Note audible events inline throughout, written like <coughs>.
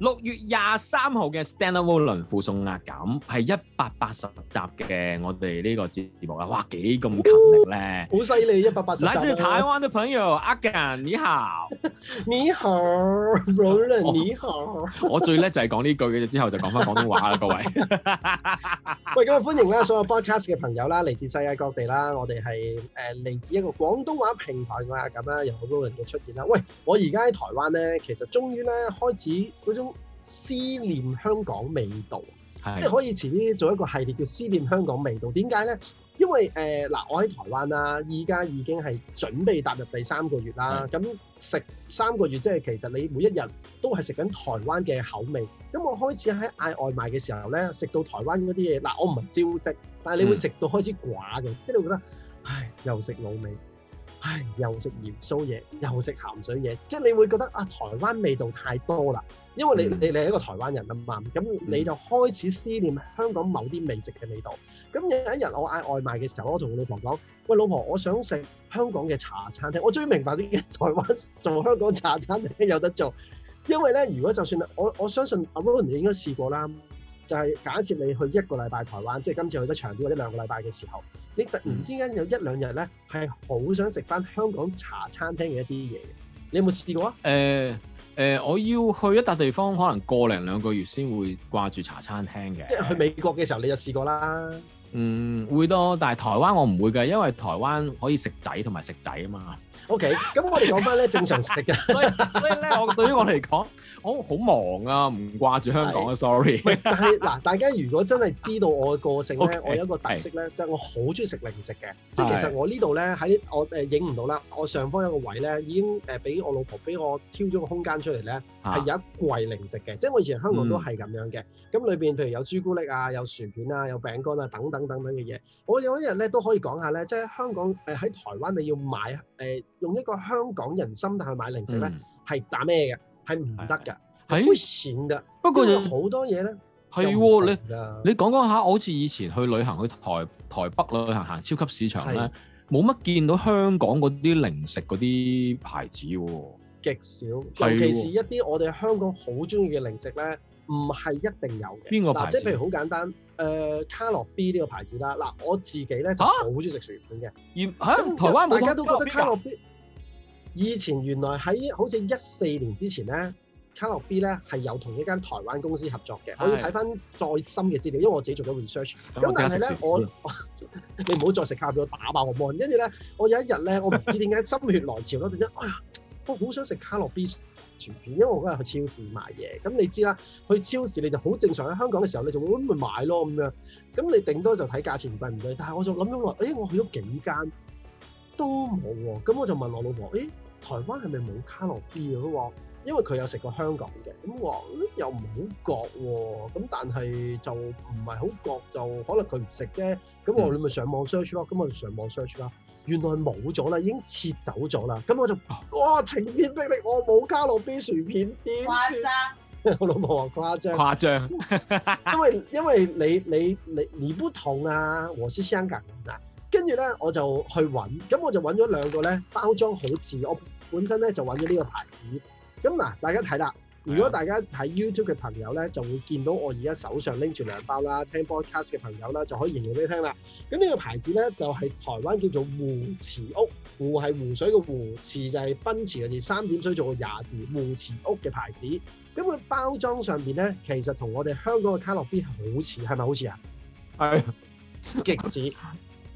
六月廿三號嘅 Stand Up Volume 附送，壓減係一百八十集嘅我哋呢個節目啊，哇幾咁勤力咧，好犀利一百八十集。來自台灣嘅朋友阿 Ken 你好，你好 Roland 你好，Roland，你好 <laughs> 我，我最叻就係講呢句嘅，之後就講翻廣東話啦各位。 <laughs> 喂咁啊歡迎啦所有 Podcast 嘅朋友啦，嚟自世界各地啦，我哋係誒嚟自一個廣東話平台嘅壓減啦，有好多人嘅出現啦。喂，我而家喺台灣咧，其實終於咧開始思念香港味道，即係的可以遲啲做一個系列叫思念香港味道。點解咧？因為誒嗱、呃，我喺台灣啦，而家已經係準備踏入第三個月啦。咁食的三個月，即係其實你每一日都係食緊台灣嘅口味。咁我開始喺嗌外賣嘅時候咧，食到台灣嗰啲嘢嗱，我唔係招積，但係你會食到開始寡嘅，即係的你會覺得，唉，又食老味。唉，又食鹽酥嘢，又食鹹水嘢，即係你會覺得啊，台灣味道太多啦，因為你、嗯、你你係一個台灣人啊嘛，咁你就開始思念香港某啲美食嘅味道。咁有一日我嗌外賣嘅時候，我同我老婆講，喂老婆，我想食香港嘅茶餐廳。我最明白啲嘅，台灣做香港茶餐廳有得做，因為咧，如果就算我我相信阿 Wilson 應該試過啦。就係假設你去一個禮拜台灣，即係今次去得長啲或者兩個禮拜嘅時候，你突然之間有一兩日咧係好想食翻香港茶餐廳嘅一啲嘢，你有冇試過啊？誒誒、呃呃，我要去一笪地方，可能過零兩個月先會掛住茶餐廳嘅。即係去美國嘅時候，你就試過啦。嗯，會多，但係台灣我唔會嘅，因為台灣可以食仔同埋食仔啊嘛。O K，咁我哋講翻咧正常食嘅， <laughs> 所以所以咧我對於我嚟講，我好忙啊，唔掛住香港啊是，sorry。但係嗱，大家如果真係知道我個性咧，okay, 我有一個特色咧，是就係我好中意食零食嘅。是即係其實我呢度咧喺我誒影唔到啦，我上方有個位咧已經誒俾我老婆俾我挑咗個空間出嚟咧，係有一櫃零食嘅。啊、即係我以前香港都係咁樣嘅，咁裏邊譬如有朱古力啊、有薯片啊、有餅乾啊等等等等嘅嘢。我有一日咧都可以講下咧，即係香港誒喺台灣你要買誒。呃用一個香港人心態去買零食咧，係打咩嘅？係唔得㗎，係膚淺嘅。不過有好多嘢咧，係喎，你你講講下，我好似以前去旅行去台台北旅行行超級市場咧，冇乜見到香港嗰啲零食嗰啲牌子喎，極少，尤其是一啲我哋香港好中意嘅零食咧。唔係一定有嘅。邊個牌子？嗱，即係譬如好簡單，誒、呃、卡樂 B 呢個牌子啦。嗱、呃，我自己咧、啊、就好中意食薯片嘅。嚇、啊！台灣大家都覺得卡樂 B。以前原來喺好似一四年之前咧，卡樂 B 咧係有同一間台灣公司合作嘅。的我要睇翻再深嘅資料，因為我自己做咗 research、嗯。咁但係咧，我你唔好再食卡樂 B 打爆我冇。跟住咧，我有一日咧，我唔知點解心血來潮咯，突然間，哎呀，我好想食卡樂 B。因為我嗰日去超市買嘢，咁你知啦，去超市你就好正常喺香港嘅時候，你就會咁咪買咯咁樣。咁你頂多就睇價錢貴唔貴，但係我就諗咗話，誒、欸、我去咗幾間都冇喎。咁我就問我老婆，誒、欸、台灣係咪冇卡樂 B 啊？佢話因為佢有食過香港嘅，咁話又唔好覺喎、啊。咁但係就唔係好覺，就可能佢唔食啫。咁我你咪上網 search 咯，咁我就上網 search 啦。嗯原來冇咗啦，已經撤走咗啦。咁我就哇，晴天霹靂，我冇卡樂 B 薯片點？誇張！ <laughs> 我老母話誇張，誇張。 <laughs> 因為因為你你你你唔同啊，和氏山隔籬。跟住咧，我就去揾，咁我就揾咗兩個咧，包裝好似我本身咧，就揾咗呢個牌子。咁嗱，大家睇啦。如果大家喺 YouTube 嘅朋友咧，就會見到我而家手上拎住兩包啦；聽 Podcast 嘅朋友啦，就可以形容俾你聽啦。咁呢個牌子咧，就係、是、台灣叫做湖池屋，湖係湖水嘅湖池，就係、是、奔馳嘅字，三點水做個也字，湖池屋嘅牌子。咁佢包裝上邊咧，其實同我哋香港嘅卡樂 B 好似，係咪好似啊？係、哎、極致。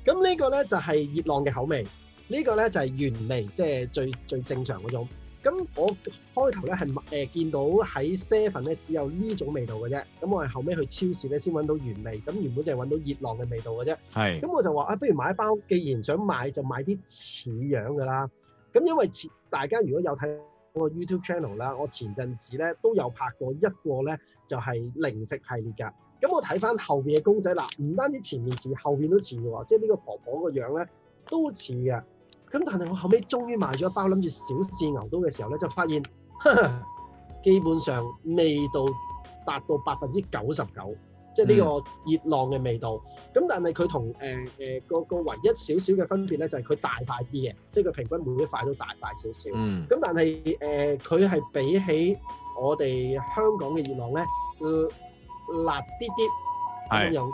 咁呢個咧就係、是、熱浪嘅口味，這個、呢個咧就係、是、原味，即、就、係、是、最最正常嗰種。咁我開頭咧係誒見到喺 seven 咧只有呢種味道嘅啫，咁我係後尾去超市咧先揾到原味，咁原本淨係揾到熱浪嘅味道嘅啫。係是，咁我就話啊，不如買一包，既然想買就買啲似樣嘅啦。咁因為似大家如果有睇我 YouTube channel 啦，我前陣子咧都有拍過一個咧就係、是、零食系列㗎。咁我睇翻後邊嘅公仔啦，唔單止前面似，後邊都似嘅喎，即係呢個婆婆個樣咧都似嘅。咁但係我後尾終於買咗一包諗住小試牛刀嘅時候咧，就發現呵呵，基本上味道達到百分之九十九，即係呢個熱浪嘅味道。咁、嗯、但係佢同誒誒個個唯一少少嘅分別咧，就係佢大塊啲嘅，即係佢平均每一塊都大塊少少。嗯。咁但係誒，佢係比起我哋香港嘅熱浪咧、呃，辣啲啲。係是。咁樣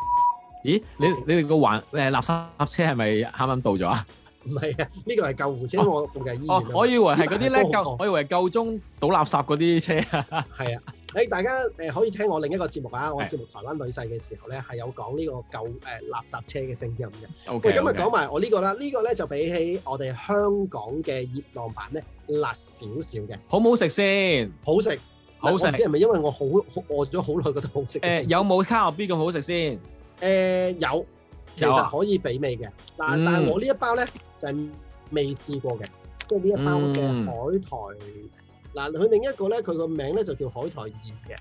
咦？你你哋個環誒垃圾車係咪啱啱到咗啊？唔係啊，呢個係救護車，我附近醫院。哦，我以為係嗰啲咧夠，我以為夠鐘倒垃圾嗰啲車啊。係啊，誒大家誒可以聽我另一個節目啊，我節目台灣女婿嘅時候咧係有講呢個舊誒垃圾車嘅聲音嘅。O K。喂，咁咪講埋我呢個啦，呢個咧就比起我哋香港嘅熱浪版咧辣少少嘅。好唔好食先？好食，好食。唔知係咪因為我好餓咗好耐，覺得好食。誒有冇卡樂 B 咁好食先？誒有。其實可以比味嘅，嗯、但但係我呢一包咧就係、是、未試過嘅，即係呢一包嘅海苔。嗱、嗯，佢另一個咧，佢個名咧就叫海苔二嘅。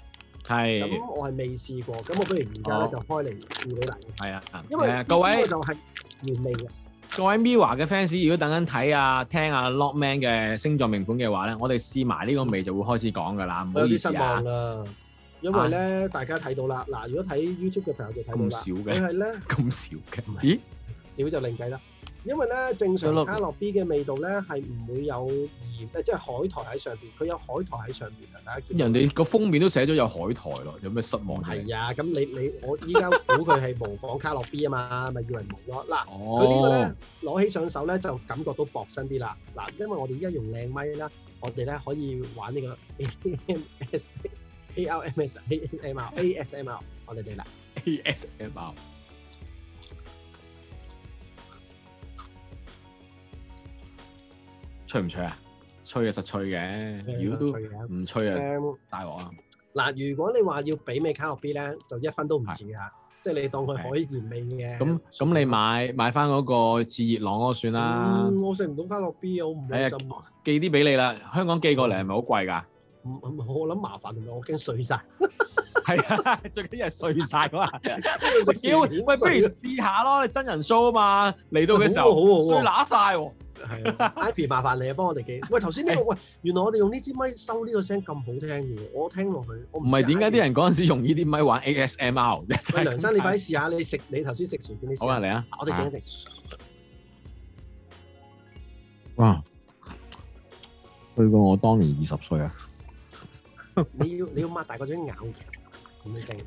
係是。咁我係未試過，咁我不如而家咧就開嚟試你嚟。係啊，因為呢個就係原味嘅。各位 Mirror 嘅 fans，如果等緊睇啊、聽啊 Lokman、ok、嘅星座命盤嘅話咧，我哋試埋呢個味就會開始講㗎啦。唔好意思啊。因為咧，大家睇到啦，嗱，如果睇 YouTube 嘅朋友就睇唔少嘅，你係咧？咁少嘅，咦？少就另計啦。因為咧，正常卡樂 B 嘅味道咧，係唔會有鹽，誒，即係海苔喺上邊。佢有海苔喺上邊啊！大家人哋個封面都寫咗有海苔咯，有咩失望？係啊，咁你你我依家估佢係模仿卡樂 B 啊嘛，咪以為模咯。嗱，佢呢個咧攞起上手咧就感覺到薄身啲啦。嗱，因為我哋依家用靚咪啦，我哋咧可以玩呢個 A R M S 啊，A S M R，A S M R，我哋得啦，A S M R，脆唔脆啊？脆啊，實脆嘅，如果都唔脆啊，大鑊啊！嗱，如果你話要俾咩卡樂 B 咧，就一分都唔似啊！即係你當佢可以鹽味嘅。咁咁，你買買翻嗰個次熱浪嗰個算啦。我食唔到卡樂 B，我唔開心。寄啲俾你啦，香港寄過嚟係咪好貴㗎？咁我諗麻煩，我驚碎晒。係啊，最緊要係碎晒嘛。喂，不如試下咯，你真人 show 啊嘛。嚟到嘅時候，好啊，好啊，碎喇晒。係啊，Ivy 麻煩你啊，幫我哋記。喂，頭先呢個喂，原來我哋用呢支咪收呢個聲咁好聽嘅，我聽落去。唔係點解啲人嗰陣時用呢啲咪玩 ASMR？梁生，你快啲試下，你食你頭先食薯片啲。好啊，嚟啊！我哋整一整。哇！去過我當年二十歲啊！你要你要擘大個嘴咬佢，咁樣聲，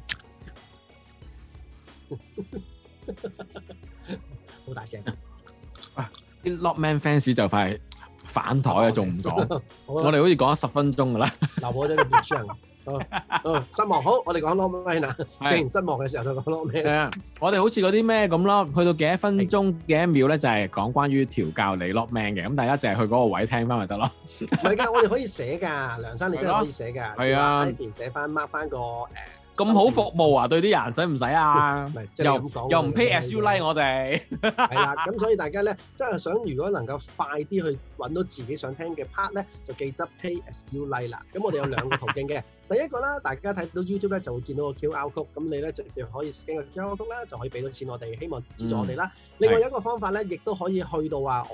好大聲！啲 Lokman fans 就快反台啦，仲唔講？我哋好似講咗十分鐘噶啦。留我啲面霜。失望，好，我哋講 Lokman 啊，既然失望嘅時候就講 Lokman。我哋好似嗰啲咩咁咯，去到幾多分鐘幾多秒咧，就係講關於調教你 Lokman 嘅，咁大家淨係去嗰個位聽翻咪得咯。唔係噶，我哋可以寫噶，梁生你真係可以寫噶，係啊，寫翻 mark 翻個。咁好服務啊，對啲人使唔使啊？嗯、即又咁講，又唔 pay SU like 我哋。 <laughs> 係啦，咁所以大家咧，真係想如果能夠快啲去揾到自己想聽嘅 part 咧，就記得 pay SU like 啦。咁我哋有兩個途徑嘅， <laughs> 第一個啦，大家睇到 YouTube 咧就會見到個 Q R 曲，咁你咧直接可以 scan 個 Q R 曲啦，就可以俾到錢我哋，希望支援我哋啦。嗯、另外有一個方法咧，亦都是可以去到話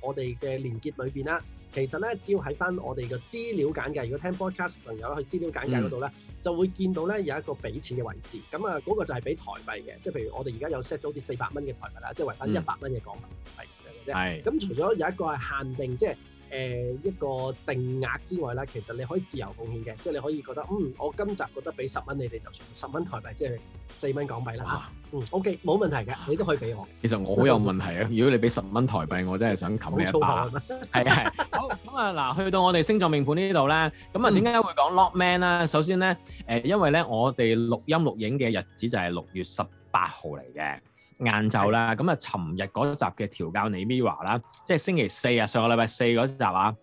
我哋嘅連結裏邊啦。其實咧，只要喺翻我哋嘅資料簡介，如果聽 Podcast 朋友去資料簡介嗰度咧，嗯、就會見到咧有一個俾錢嘅位置。咁啊，嗰、嗰個就係俾台幣嘅，即係譬如我哋而家有 set 咗啲四百蚊嘅台幣啦，即係為翻一百蚊嘅港幣嚟嘅。咁除咗有一個係限定，即係，誒一個定額之外咧，其實你可以自由貢獻嘅，即係你可以覺得，嗯，我今集覺得俾十蚊你哋就算，十蚊台幣即係四蚊港幣啦。嗯，OK，冇問題嘅，你都可以俾我。其實我好有問題啊！如果你俾十蚊台幣，我真係想冚你一巴。冇粗口啊！係啊係。好咁啊，嗱，去到我哋星座命盤呢度咧，咁啊，點解會講 Lokman 咧？首先咧，誒，因為咧，我哋錄音錄影嘅日子就係六月十八號嚟嘅。晏晝啦，咁啊，尋日嗰集嘅調教你 Mirror 啦，即係星期四啊，上個禮拜四嗰集啊，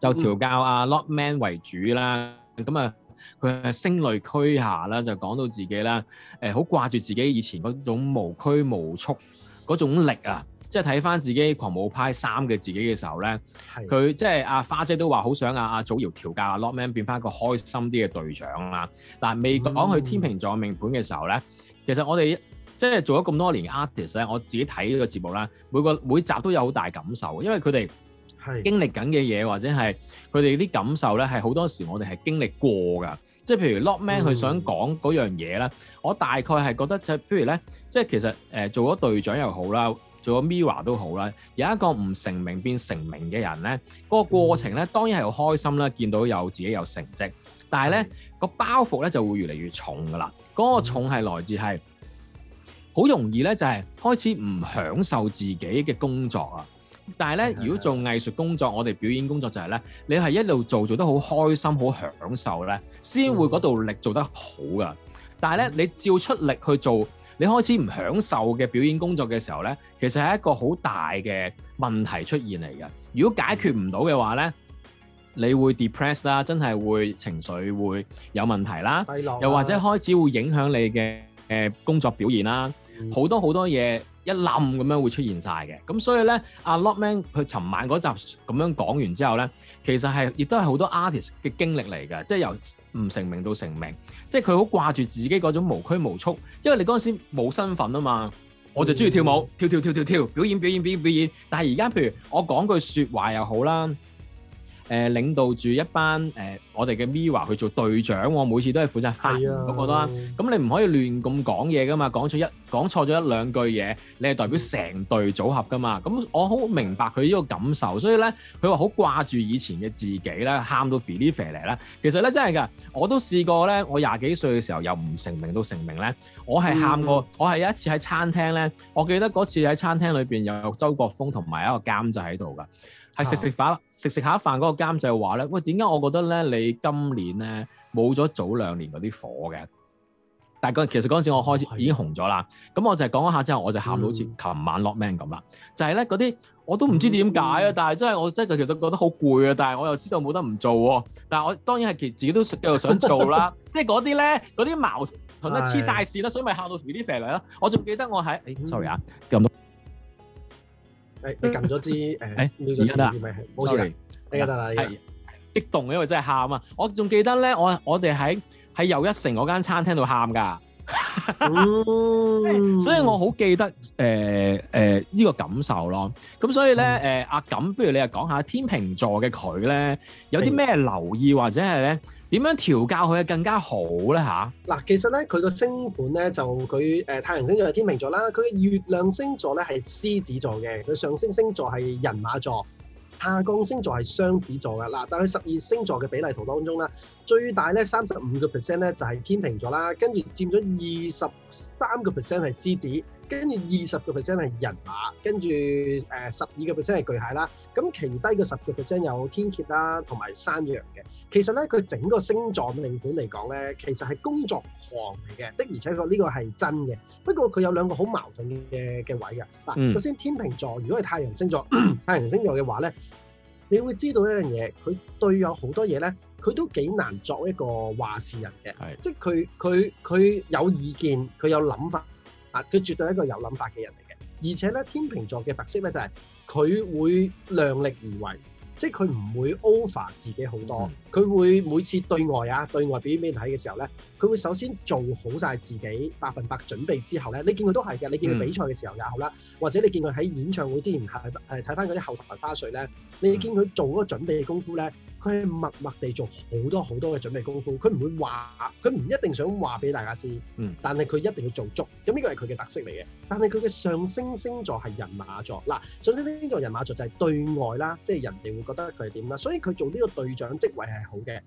就調教阿 Lokman 為主啦。咁啊、嗯，佢係聲淚俱下啦，就講到自己啦，誒、呃，好掛住自己以前嗰種無拘無束嗰種力啊！即係睇翻自己狂舞派三嘅自己嘅時候咧，佢的即係阿花姐都話好想阿、啊、阿祖堯調教阿 Lokman 變翻一個開心啲嘅隊長啦。嗱，未講去天秤座命盤嘅時候咧，嗯、其實我哋。即係做咗咁多年 artist 咧，我自己睇呢個節目啦，每個每集都有好大感受，因為佢哋經歷緊嘅嘢或者係佢哋啲感受咧，係好多時我哋係經歷過噶。即係譬如 Lokman、ok、佢想講嗰樣嘢咧，嗯、我大概係覺得即係譬如咧，即係其實誒做咗隊長又好啦，做咗 Mirror 都好啦，有一個唔成名變成名嘅人咧，個過程咧當然係好開心啦，見到有自己有成績，但係咧、個包袱咧就會越嚟越重噶啦，嗰、個重係來，來自係。好容易咧，就係開始唔享受自己嘅工作啊！但係咧，如果做藝術工作，我哋表演工作就係咧，你係一路做做得好開心、好享受咧，先會嗰度力做得好㗎。但係咧，你照出力去做，你開始唔享受嘅表演工作嘅時候咧，其實係一個好大嘅問題出現嚟嘅。如果解決唔到嘅話咧，你會 depress 啦，真係會情緒會有問題啦，又或者開始會影響你嘅誒工作表現啦。好多好多嘢一冧咁樣會出現晒嘅，咁所以咧，阿、啊、Lokman 佢尋晚嗰集咁樣講完之後咧，其實係亦都係好多 artist 嘅經歷嚟嘅，即係由唔成名到成名，即係佢好掛住自己嗰種無拘無束，因為你嗰陣時冇身份啊嘛，我就鍾意跳舞，嗯、跳跳跳跳跳，表演表演表演表演，但係而家譬如我講句説話又好啦，誒、呃、領導住一班誒、呃、我哋嘅 Mirror 去做隊長，我每次都係負責發嗰個、哎、覺得咁你唔可以亂咁講嘢噶嘛，講出一講錯咗一兩句嘢，你係代表成隊組合噶嘛？咁我好明白佢呢個感受，所以咧，佢話好掛住以前嘅自己咧，喊到肥肥肥嚟咧。其實咧真係噶，我都試過咧。我廿幾歲嘅時候由唔成名到成名咧，我係喊過，嗯、我係有一次喺餐廳咧。我記得嗰次喺餐廳裏邊有周國豐同埋一個監製喺度噶，係食食飯食食下飯嗰個監製話咧：喂，點解我覺得咧你今年咧冇咗早兩年嗰啲火嘅？但嗰其實嗰陣時我開始已經紅咗啦，咁我就係講一下之後我就喊到好似琴晚落 man 咁啦。就係咧嗰啲我都唔知點解啊，但係真係我真係其實覺得好攰啊，但係我又知道冇得唔做喎。但係我當然係其自己都繼續想做啦。即係嗰啲咧嗰啲矛盾咧黐晒線啦，所以咪喊到肥啲肥女咯。我仲記得我喺 sorry 啊咁多，你撳咗支誒，你撳咗支咪係冇事，得啦，得啦，激動因為真係喊啊！我仲記得咧，我我哋喺。喺又一城嗰間餐廳度喊噶， <laughs> mm hmm. 所以我好記得誒誒呢個感受咯。咁所以咧誒阿錦，mm hmm. 呃啊、不如你又講下天秤座嘅佢咧，有啲咩留意或者係咧點樣調教佢更加好咧嚇？嗱，其實咧佢個星盤咧就佢誒、呃、太陽星座係天秤座啦，佢月亮星座咧係獅子座嘅，佢上升星，星座係人馬座。下降星座係雙子座嘅，但係十二星座嘅比例圖當中咧，最大咧三十五個 percent 咧就係天秤座啦，跟住佔咗二十三個 percent 係獅子，跟住二十個 percent 係人馬，跟住誒十二個 percent 係巨蟹啦。咁餘低嘅十個 percent 有天蠍啦，同埋山羊嘅。其實咧，佢整個星座命盤嚟講咧，其實係工作狂嚟嘅。的而且確呢個係真嘅。不過佢有兩個好矛盾嘅嘅位嘅。嗱，首先天秤座，如果係太陽星座， <coughs> 太陽星座嘅話咧，你會知道一樣嘢，佢對有好多嘢咧，佢都幾難作一個話事人嘅。係的。即係佢佢佢有意見，佢有諗法。啊！佢絕對係一個有諗法嘅人嚟嘅，而且咧天秤座嘅特色咧就係、是、佢會量力而為，即係佢唔會 over 自己好多。嗯。佢會每次對外啊對外表現俾人睇嘅時候咧，佢會首先做好晒自己百分百準備之後咧，你見佢都係嘅，你見佢比賽嘅時候也好啦，或者你見佢喺演唱會之前係係睇翻嗰啲後台花絮咧，你見佢做嗰個準備嘅功夫咧，佢係默默地做好多好多嘅準備功夫，佢唔會話，佢唔一定想話俾大家知，嗯，但係佢一定要做足，咁呢個係佢嘅特色嚟嘅。但係佢嘅上升星座係人馬座，嗱上升星座人馬座就係對外啦，即係人哋會覺得佢係點啦，所以佢做呢個隊長職位係。好嘅，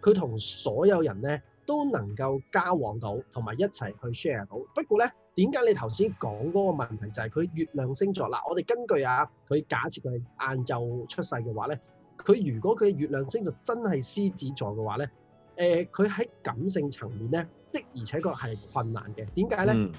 佢同所有人咧都能夠交往到，同埋一齊去 share 到。不過咧，點解你頭先講嗰個問題就係佢月亮星座？嗱，我哋根據啊，佢假設佢係晏晝出世嘅話咧，佢如果佢月亮星座真係獅子座嘅話咧，誒、呃，佢喺感性層面咧的而且確係困難嘅。點解咧？嗯、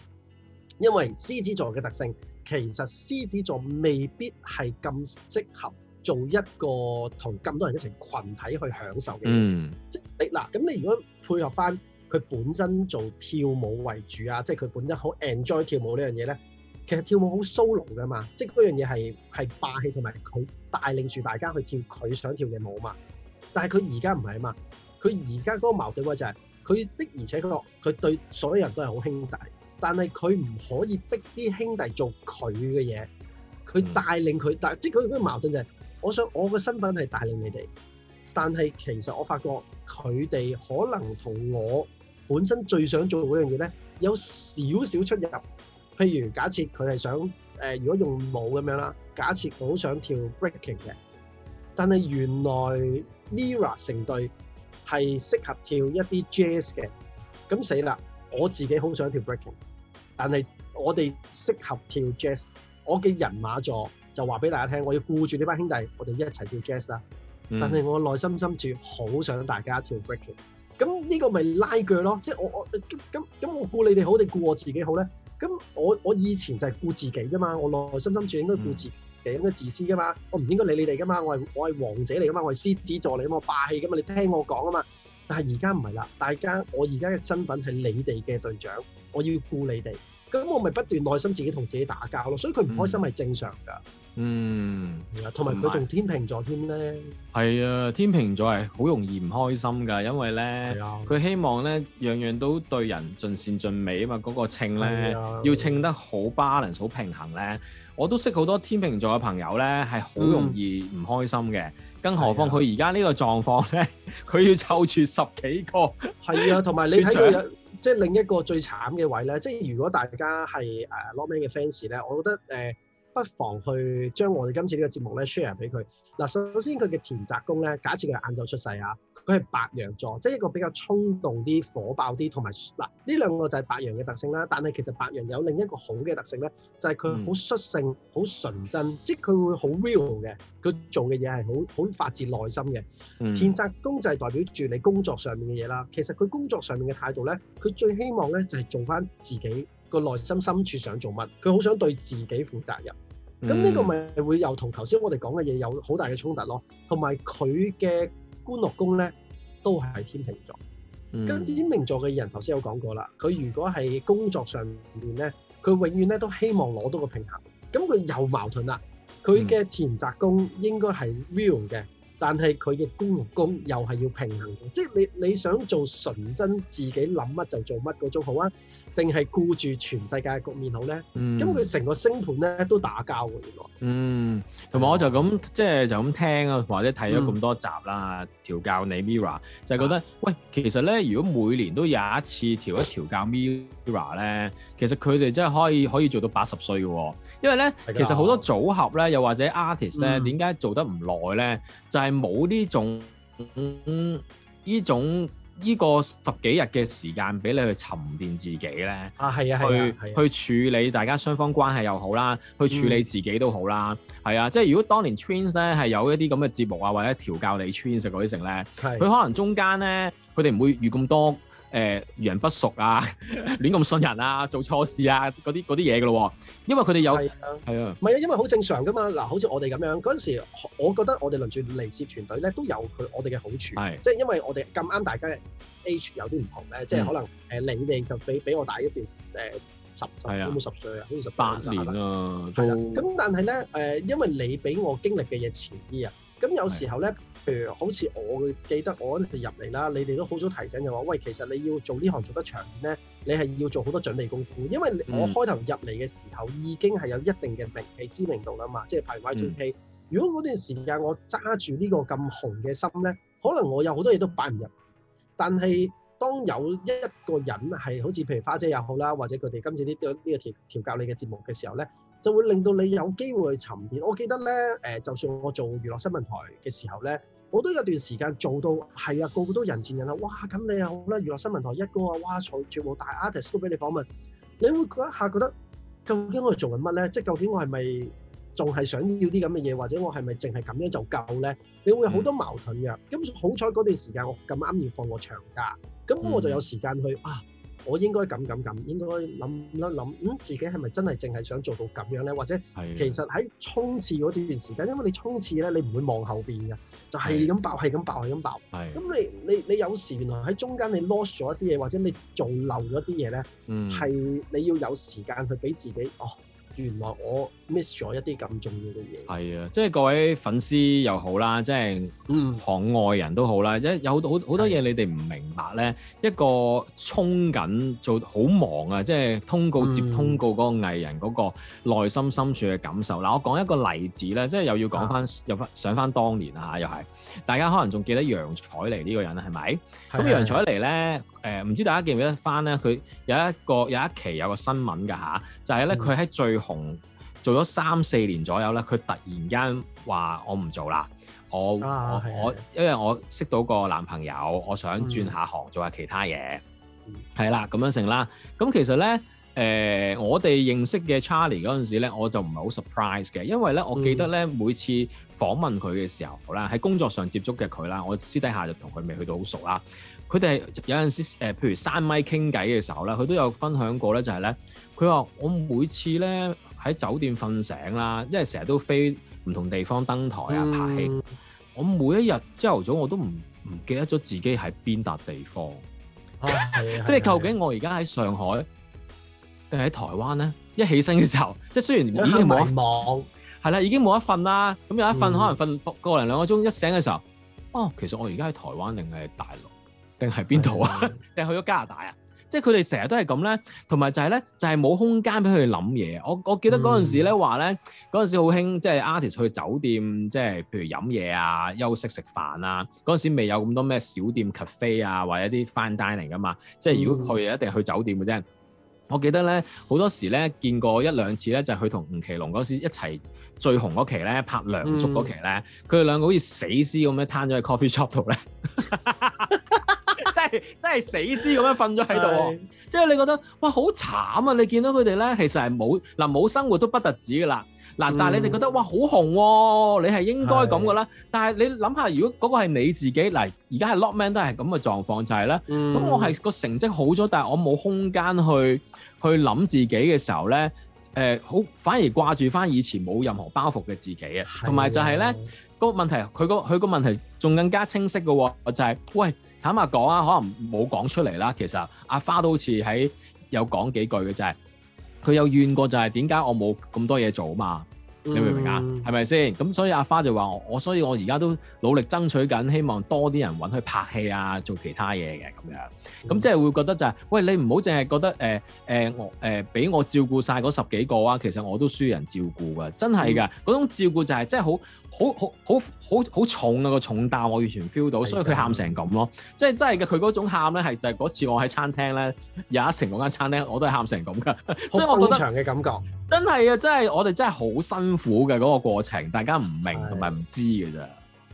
因為獅子座嘅特性，其實獅子座未必係咁適合。做一個同咁多人一齊群體去享受嘅，mm. 即係嗱咁。你如果配合翻佢本身做跳舞為主啊，即係佢本身好 enjoy 跳舞呢樣嘢咧，其實跳舞好 solo 噶嘛，即係嗰樣嘢係係霸氣，同埋佢帶領住大家去跳佢想跳嘅舞嘛。但係佢而家唔係啊嘛，佢而家嗰個矛盾位就係、是、佢的而且確佢對所有人都係好兄弟，但係佢唔可以逼啲兄弟做佢嘅嘢，佢帶領佢，但、mm. 即係佢個矛盾就係、是。我想我嘅身份係帶領你哋，但係其實我發覺佢哋可能同我本身最想做嗰樣嘢咧有少少出入。譬如假設佢係想誒、呃，如果用舞咁樣啦，假設我好想跳 breaking 嘅，但係原來 Mirror 成隊係適合跳一啲 jazz 嘅，咁死啦！我自己好想跳 breaking，但係我哋適合跳 jazz，我嘅人馬座。就話俾大家聽，我要顧住呢班兄弟，我哋一齊跳 jazz 啦！嗯、但係我內心深處好想大家跳 breaking，咁呢個咪拉鋸咯！即係我我咁咁我顧你哋好定顧我自己好咧？咁我我以前就係顧自己噶嘛，我內心深處應該顧自己，嗯、應該自私噶嘛，我唔應該理你哋噶嘛，我係我係王者嚟噶嘛，我係獅子座嚟噶嘛，我霸氣噶嘛，你聽我講啊嘛！但係而家唔係啦，大家我而家嘅身份係你哋嘅隊長，我要顧你哋。咁我咪不斷耐心自己同自己打交咯，所以佢唔開心係正常㗎。嗯，同埋佢仲天秤座添咧，係啊，天秤座係好容易唔開心㗎，因為咧，佢、啊、希望咧樣樣都對人盡善盡美啊嘛，嗰、嗰個稱咧、啊、要稱得好 balance、好平衡咧。我都識好多天秤座嘅朋友咧，係好容易唔開心嘅，啊、更何況佢而家呢個狀況咧，佢要湊住十幾個，係啊，同埋你睇即係另一個最慘嘅位咧，即係如果大家係誒 Lokman、ok、嘅 fans 咧，我覺得誒、呃、不妨去將我哋今次個節呢個節目咧 share 俾佢。嗱，首先佢嘅田宅宮咧，假設佢係晏晝出世啊。佢係白羊座，即係一個比較衝動啲、火爆啲，同埋嗱呢兩個就係白羊嘅特性啦。但係其實白羊有另一個好嘅特性咧，就係佢好率性、好純真，即係佢會好 real 嘅，佢做嘅嘢係好好發自內心嘅。天蠍宮就係代表住你工作上面嘅嘢啦。其實佢工作上面嘅態度咧，佢最希望咧就係做翻自己個內心深處想做乜，佢好想對自己負責任。咁呢、嗯、個咪會又同頭先我哋講嘅嘢有好大嘅衝突咯。同埋佢嘅官祿宮咧都係天秤座，咁、嗯、天秤座嘅人頭先有講過啦，佢如果係工作上面咧，佢永遠咧都希望攞到個平衡，咁佢又矛盾啦，佢嘅田宅宮應該係 real 嘅，但係佢嘅官祿宮又係要平衡嘅，即係你你想做純真，自己諗乜就做乜嗰種好啊。定係顧住全世界嘅局面好咧，咁佢成個星盤咧都打交喎，原來。嗯，同埋我就咁即係就咁聽啊，或者睇咗咁多集啦，嗯、調教你 Mirror 就係覺得，啊、喂，其實咧，如果每年都有一次調一調教 Mirror 咧，其實佢哋真係可以可以做到八十歲嘅喎，因為咧的其實好多組合咧，又或者 artist 咧，點解、嗯、做得唔耐咧，就係冇呢種呢種。呢個十幾日嘅時間俾你去沉澱自己咧，啊係啊，啊去啊啊去處理大家雙方關係又好啦，去處理自己都好啦，係、嗯、啊，即係如果當年 Twins 咧係有一啲咁嘅節目啊，或者調教你 Twins 嗰啲成咧，係佢是可能中間咧佢哋唔會遇咁多。誒、呃、遇人不熟啊，亂咁信人啊，做錯事啊，嗰啲啲嘢嘅咯喎，因為佢哋有係啊，係啊，唔係啊，因為好、啊啊、正常嘅嘛。嗱，好似我哋咁樣嗰陣時，我覺得我哋輪住嚟接團隊咧都有佢我哋嘅好處，係是即係因為我哋咁啱大家 age 有啲唔同咧，嗯、即係可能誒你哋就比比我大一段誒十歲啊，冇十歲啊？好似十三年啊，都咁但係咧誒，因為你比我經歷嘅嘢遲啲啊，咁有時候咧。譬如好似我記得我嗰陣時入嚟啦，你哋都好早提醒就話，喂，其實你要做呢行做得長遠咧，你係要做好多準備功夫。因為我開頭入嚟嘅時候已經係有一定嘅名氣知名度啦嘛，即係排位跳棋。嗯、如果嗰段時間我揸住呢個咁紅嘅心咧，可能我有好多嘢都擺唔入。但係當有一個人係好似譬如花姐又好啦，或者佢哋今次呢、這、呢個調、這個、調教你嘅節目嘅時候咧，就會令到你有機會去沉澱。我記得咧，誒，就算我做娛樂新聞台嘅時候咧。我都有段時間做到係啊，個個都人前人後哇！咁你又好啦，娛樂新聞台一哥啊，哇，全部大 artist 都俾你訪問，你會嗰一下覺得究竟我做緊乜咧？即係究竟我係咪仲係想要啲咁嘅嘢，或者我係咪淨係咁樣就夠咧？你會好多矛盾嘅。咁、嗯、好彩嗰段時間我咁啱要放個長假，咁我就有時間去啊，我應該咁咁咁，應該諗一諗，嗯，自己係咪真係淨係想做到咁樣咧？或者其實喺衝刺嗰段時間，因為你衝刺咧，你唔會望後邊嘅。就係咁爆，係咁的爆，係咁爆。咁的你你你有時原來喺中間你 loss 咗一啲嘢，或者你做漏咗啲嘢咧，係、嗯、你要有時間去俾自己哦。原來我 miss 咗一啲咁重要嘅嘢。係啊，即係各位粉絲又好啦，即係 <laughs> 行外人都好啦，一有好多好多嘢你哋唔明白咧。的一個衝緊做好忙啊，即係通告接、嗯、通告嗰個藝人嗰個內心深處嘅感受。嗱，我講一個例子咧，即係又要講翻的又翻想翻當年啊，又係大家可能仲記得楊采妮呢個人係咪？咁的楊采妮咧，誒、呃、唔知大家記唔記得翻咧？佢有一個有一期有個新聞㗎吓，就係咧佢喺最後後同做咗三四年左右咧，佢突然間話我唔做啦，我、啊、我，的我因為我識到個男朋友，我想轉下行，嗯、做下其他嘢，係啦咁樣成啦，咁其實咧。誒、呃，我哋認識嘅 Charlie 嗰陣時咧，我就唔係好 surprise 嘅，因為咧，我記得咧每次訪問佢嘅時候啦，喺、嗯、工作上接觸嘅佢啦，我私底下就同佢未去到好熟啦。佢哋有陣時誒、呃，譬如山米傾偈嘅時候咧，佢都有分享過咧，就係咧，佢話我每次咧喺酒店瞓醒啦，因為成日都飛唔同地方登台啊、嗯、拍戲，我每一日朝頭早我都唔唔記得咗自己喺邊笪地方，即係、啊、 <laughs> 究竟我而家喺上海，喺台灣咧，一起身嘅時候，即係雖然已經冇一瞓，係啦，已經冇一瞓啦。咁有，有一瞓、嗯、可能瞓返個零兩個鐘，一醒嘅時候，哦，其實我而家喺台灣定係大陸定係邊度啊？定係的 <laughs> 去咗加拿大啊？即係佢哋成日都係咁咧，同埋就係咧，就係、是、冇空間俾佢哋諗嘢。我我記得嗰陣時咧話咧，嗰陣、嗯、時好興，即、就、係、是、artist 去酒店，即係譬如飲嘢啊、休息食飯啊。嗰陣時未有咁多咩小店 cafe 啊，或者啲 fine dining 噶嘛。即係如果去，一定去酒店嘅啫。嗯我記得咧，好多時咧見過一兩次咧，就係佢同吳奇隆嗰時一齊最紅期咧，拍《梁祝》嗰期咧，嗯，佢哋兩個好似死屍咁樣攤咗喺 coffee shop 度咧。 <laughs> <laughs> 真係死屍咁樣瞓咗喺度，是即係你覺得哇好慘啊！你見到佢哋咧，其實係冇嗱冇生活都不特止噶啦嗱，嗯、但係你哋覺得哇好紅、啊，你係應該咁噶啦。是但係你諗下，如果嗰個係你自己嗱，而家係 Lokman 都係咁嘅狀況就係、是、咧，咁、嗯、我係個成績好咗，但係我冇空間去去諗自己嘅時候咧，誒、呃、好反而掛住翻以前冇任何包袱嘅自己啊，同埋的就係咧。個問題，佢個佢個問題仲更加清晰嘅喎、哦，就係、是，喂，坦白講啊，可能冇講出嚟啦。其實阿花都好似喺有講幾句嘅就啫、是，佢有怨過就係點解我冇咁多嘢做啊嘛？嗯、你明唔明啊？係咪先？咁所以阿花就話我，所以我而家都努力爭取緊，希望多啲人揾佢拍戲啊，做其他嘢嘅咁樣。咁即係會覺得就係、是，喂，你唔好淨係覺得誒誒我誒俾我照顧晒嗰十幾個啊，其實我都需要人照顧嘅，真係嘅。嗰、嗯、種照顧就係、是、即係好。好好好好好重啊，個重擔我完全 feel 到，的所以佢喊成咁咯，即係真係嘅，佢嗰種喊咧係就係嗰次我喺餐廳咧有一成嗰間餐廳我都係喊成咁嘅， <laughs> 所以我覺得好長嘅感覺。真係啊，真係我哋真係好辛苦嘅嗰個過程，大家唔明同埋唔知嘅啫。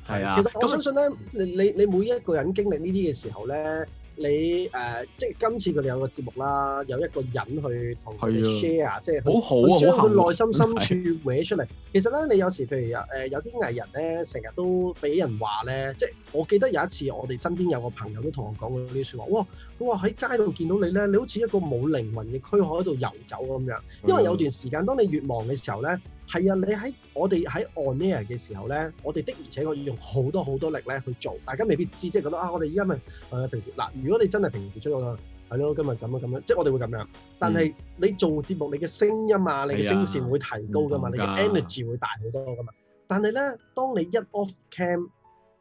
係啊的，的其實我相信咧，麼你你你每一個人經歷呢啲嘅時候咧。你誒、呃，即係今次佢哋有個節目啦，有一個人去同佢 share，即係佢將佢內心深處搲出嚟。其實咧，你有時譬如誒，有啲藝人咧，成日都俾人話咧，即係我記得有一次，我哋身邊有個朋友都同我講過呢啲説話。哇！佢話喺街度見到你咧，你好似一個冇靈魂嘅軀殼喺度遊走咁樣。因為有段時間，當你越忙嘅時候咧。係啊，你喺我哋喺 on air 嘅時候咧，我哋的而且確要用好多好多力咧去做。大家未必知，即係覺得啊，我哋而家咪誒平時嗱，如果你真係平時出嚟啊，係咯，今日咁樣咁樣，即係我哋會咁樣。但係你做節目，你嘅聲音啊，你嘅，哎呀，聲線會提高噶嘛，你嘅 energy 會大好多噶嘛。但係咧，當你一 off cam，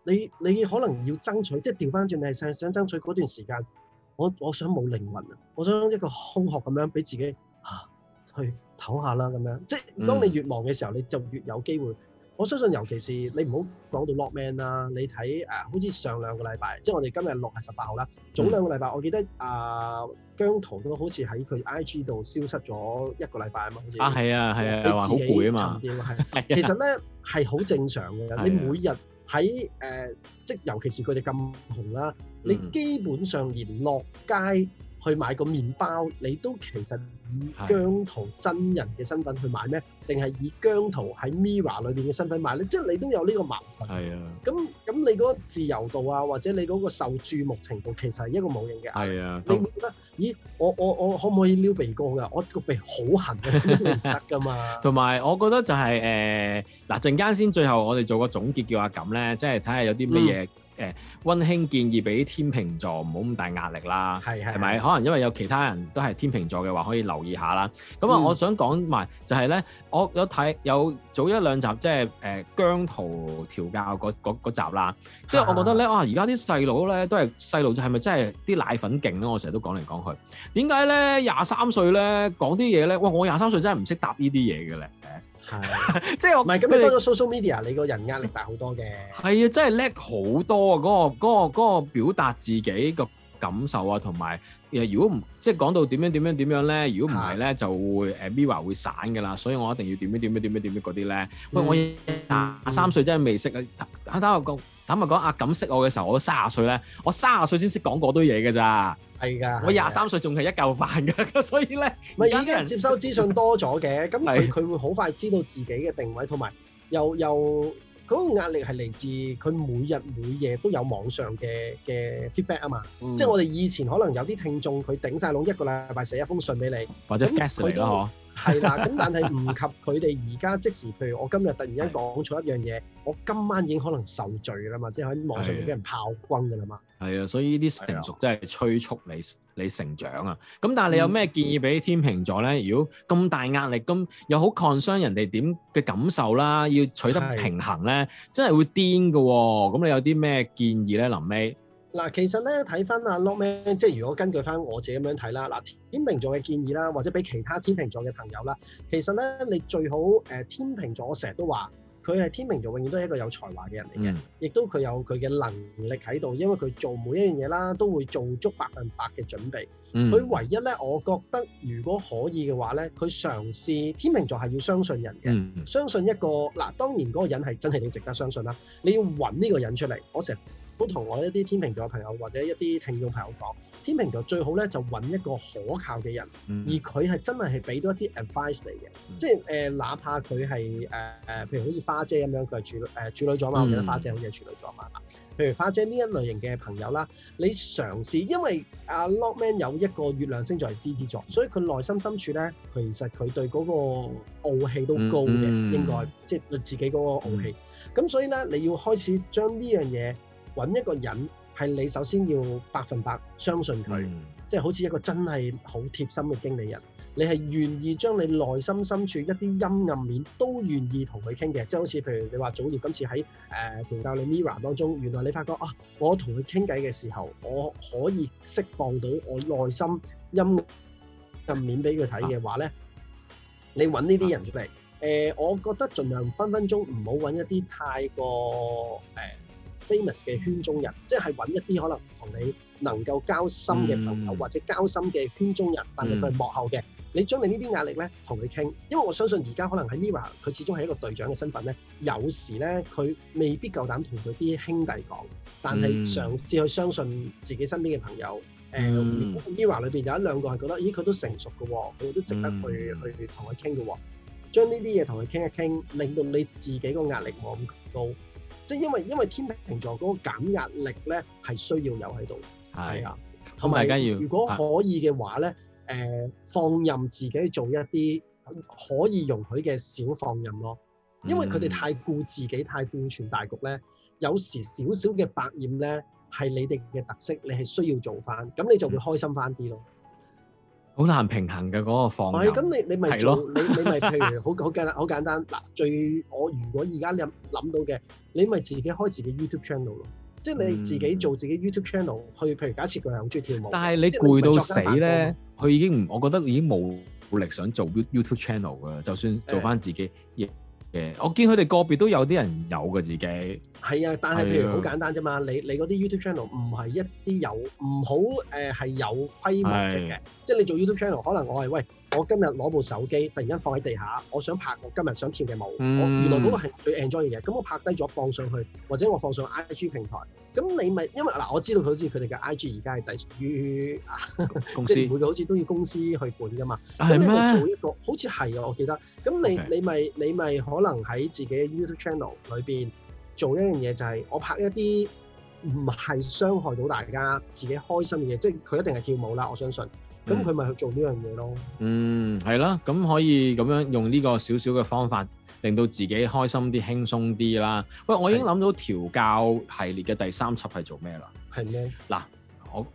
你你可能要爭取，即係調翻轉，你係想想爭取嗰段時間，我我想冇靈魂啊，我想一個空殼咁樣俾自己。去唞下啦，咁樣即係當你越忙嘅時候，你就越有機會。嗯、我相信，尤其是你唔好講到 Lokman 啦。你睇誒、啊，好似上兩個禮拜，即係我哋今日六係十八號啦。早、嗯、兩個禮拜，我記得啊，姜濤都好似喺佢 IG 度消失咗一個禮拜啊嘛。啊，係啊，係啊，話好攰啊嘛。沉其實咧係好正常嘅。啊、你每日喺誒、呃，即係尤其是佢哋咁紅啦，你、嗯嗯、基本上連落街。去買個麵包，你都其實以姜濤真人嘅身份去買咩？定係以姜濤喺 Mirror 裏面嘅身份買咧？即係你都有呢個矛盾。係啊。咁咁，那你嗰個自由度啊，或者你嗰個受注目程度，其實係一個冇形嘅。係啊。你覺得，咦？我我我，我可唔可以撩鼻哥㗎？我個鼻好痕啊，點都唔得㗎嘛。同埋 <laughs> 我覺得就係誒嗱，陣間先，最後我哋做個總結，叫阿錦咧，即係睇下有啲乜嘢。誒溫馨建議俾天秤座，唔好咁大壓力啦。係係，係咪？可能因為有其他人都係天秤座嘅話，可以留意下啦。咁啊，我想講埋就係咧，嗯、我有睇有早一兩集，即係誒、呃、姜濤調教嗰集啦。即係我覺得咧，哇、啊！而家啲細路咧都係細路，係咪真係啲奶粉勁咧？我成日都講嚟講去，點解咧？廿三歲咧講啲嘢咧，哇！我廿三歲真係唔識答呢啲嘢嘅啦。係，即係我唔係咁樣多咗 social media，你個人壓力大好多嘅。係啊，真係叻好多啊！嗰個，嗰個，嗰個表達自己個感受啊，同埋誒，如果唔即係講到點樣點樣點樣咧，如果唔係咧，就會誒 Mirror 會散嘅啦。所以我一定要點樣點樣點樣點樣嗰啲咧。喂的，我廿三歲真係未識啊！等我講。坦白講阿錦識我嘅時候，我都三十歲咧，我三十歲先識講嗰堆嘢㗎咋，係㗎，我廿三歲仲係一嚿飯㗎，所以咧，咪已經人接收資訊多咗嘅，咁佢佢會好快知道自己嘅定位，同埋又又嗰個壓力係嚟自佢每日每夜都有網上嘅嘅 feedback 啊嘛，即係我哋以前可能有啲聽眾佢頂曬籠一個禮拜寫一封信俾你，或者 message 嚟啦呵。係啦，咁但係唔及佢哋而家即時。譬如我今日突然間講錯一樣嘢，的我今晚已經可能受罪㗎啦嘛，即係喺網上面俾人炮轟㗎啦嘛。係啊，所以呢啲成熟真係催促你的你成長啊。咁但係你有咩建議俾天秤座咧？如果咁大壓力，咁又好抗傷人哋點嘅感受啦，要取得平衡咧的，真係會癲㗎喎。咁你有啲咩建議咧？臨尾。嗱，其實咧睇翻阿 Lokman，即係如果根據翻我自己咁樣睇啦，嗱，天秤座嘅建議啦，或者俾其他天秤座嘅朋友啦，其實咧你最好誒、呃、天秤座，我成日都話佢係天秤座，永遠都係一個有才華嘅人嚟嘅，嗯、亦都佢有佢嘅能力喺度，因為佢做每一樣嘢啦，都會做足百分百嘅準備。佢、嗯、唯一咧，我覺得如果可以嘅話咧，佢嘗試天秤座係要相信人嘅，嗯、相信一個嗱，當然嗰個人係真係你值得相信啦，你要揾呢個人出嚟，我成。都同我一啲天秤座嘅朋友或者一啲聽眾朋友講，天秤座最好咧就揾一個可靠嘅人，嗯、而佢係真係係俾到一啲 advice 嚟嘅，嗯、即係誒、呃，哪怕佢係誒誒，譬如好似花姐咁樣，佢係處誒處女座嘛，嗯、我記得花姐好似係處女座嘛，嗯、譬如花姐呢一類型嘅朋友啦，你嘗試，因為阿、啊、Lokman、ok、有一個月亮星座係獅子座，所以佢內心深處咧，其實佢對嗰個傲氣都高嘅，嗯嗯、應該，即、就、係、是、自己嗰個傲氣，咁、嗯、所以咧，你要開始將呢樣嘢。揾一個人係你首先要百分百相信佢，是即係好似一個真係好貼心嘅經理人，你係願意將你內心深處一啲陰暗面都願意同佢傾嘅，即係好似譬如你話祖業今次喺誒、呃、調教你 Mirror 當中，原來你發覺啊，我同佢傾偈嘅時候，我可以釋放到我內心陰暗面俾佢睇嘅話咧，啊、你揾呢啲人出嚟，誒、啊呃，我覺得儘量分分鐘唔好揾一啲太過誒。啊 Famous 嘅圈中人，即係揾一啲可能同你能夠交心嘅朋友，嗯、或者交心嘅圈中人，但係佢係幕後嘅。你將你呢啲壓力咧，同佢傾，因為我相信而家可能喺 Mirror 佢始終係一個隊長嘅身份咧，有時咧佢未必夠膽同佢啲兄弟講，但係嘗試去相信自己身邊嘅朋友。誒，Mirror 裏邊有一兩個係覺得，咦佢都成熟嘅，佢都值得去去同佢傾嘅。將呢啲嘢同佢傾一傾，令到你自己個壓力冇咁高。即係因為因為天秤座嗰個減壓力咧係需要有喺度，係啊的，同埋如果可以嘅話咧，誒、啊呃、放任自己做一啲可以容許嘅小放任咯，因為佢哋太顧自己，嗯、太顧全大局咧，有時少少嘅百厭咧係你哋嘅特色，你係需要做翻，咁你就會開心翻啲咯。嗯好難平衡嘅嗰、嗰個放，係咁你你咪做是的 <laughs> 你你咪譬如好好簡單好簡單嗱最我如果而家你諗到嘅，你咪自己開自己 YouTube channel 咯，即係你自己做自己 YouTube channel 去，譬如假設佢係好中意跳舞，但係你攰到死咧，佢已經唔，我覺得已經冇無力想做 YouTube channel 噶，就算做翻自己亦。誒，我見佢哋個別都有啲人有嘅自己，係啊，但係譬如好簡單啫嘛，是的 你你嗰啲 YouTube channel 唔係一啲有唔好誒係、呃、有規模式嘅，是的 即係你做 YouTube channel，可能我係喂。我今日攞部手機，突然間放喺地下，我想拍我今日想跳嘅舞。嗯、我原來嗰個係最 enjoy 嘅，咁我拍低咗放上去，或者我放上 IG 平台。咁你咪因為嗱，我知道佢好似佢哋嘅 IG 而家係隸屬於即係每個好似都要公司去管㗎嘛。係咩嗎？你做一個好似係啊，我記得。咁你 Okay. 你咪你咪可能喺自己 YouTube channel 裏邊做一樣嘢、就是，就係我拍一啲唔係傷害到大家、自己開心嘅嘢。即係佢一定係跳舞啦，我相信。咁佢咪去做呢樣嘢咯？嗯，係啦、嗯，咁可以咁樣用呢個少少嘅方法，令到自己開心啲、輕鬆啲啦。喂，我已經諗到調教系列嘅第三輯係做咩啦。係咩嗎？嗱，好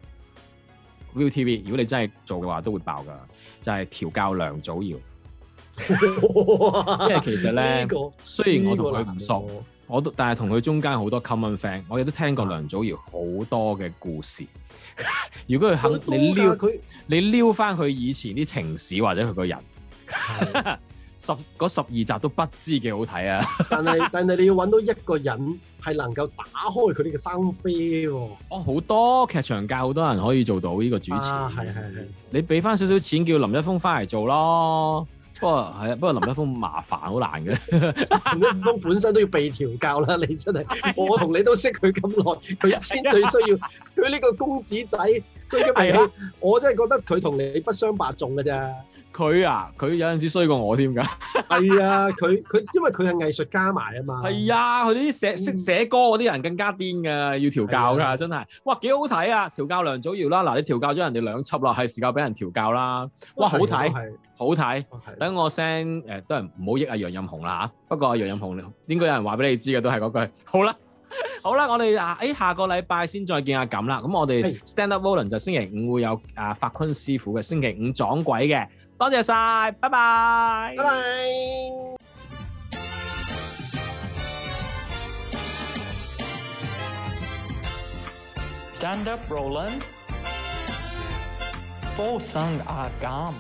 ViuTV，如果你真係做嘅話，都會爆噶。就係、是、調教梁祖堯， <laughs> <laughs> 因為其實咧，這個、雖然我同佢唔熟。我但係同佢中間好多 common friend，我亦都聽過梁祖堯好多嘅故事。如果佢肯，你撩佢，他你撩翻佢以前啲情史或者佢個人，的 <laughs> 十嗰十二集都不知幾好睇啊！但係是 <laughs> 但係你要揾到一個人係能夠打開佢呢個心扉喎。哦，好多劇場界好多人可以做到呢個主持。係係係，你俾翻少少錢叫林一峰翻嚟做咯。不過係啊，不過、哦、林一峰麻煩好難㗎， <laughs> 林一峰本身都要被調教啦。你真係， <laughs> 我同你都識佢咁耐，佢先最需要佢呢 <laughs> 個公子仔，佢因為我真係覺得佢同你不相伯仲㗎咋。佢啊，佢有陣時衰過我添㗎。係啊，佢佢因為佢係藝術家埋啊嘛。係啊，佢啲寫識寫歌嗰啲人更加癲㗎，要調教㗎，真係。哇，幾好睇啊！調教梁祖堯啦，嗱，你調教咗人哋兩輯啦，係時間俾人調教啦。哇，好睇，好睇。等我 send 誒，都唔好益阿楊任雄啦嚇。不過阿楊任雄應該有人話俾你知嘅，都係嗰句。好啦，好啦，我哋誒下個禮拜先再見阿錦啦。咁我哋 stand up volun 就星期五會有阿法坤師傅嘅星期五撞鬼嘅。多謝晒，拜拜，拜拜。Stand up, Roland。播送阿 Gam。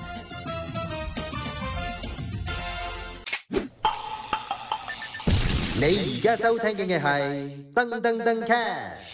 你而家收聽嘅係《燈登登 Cast》。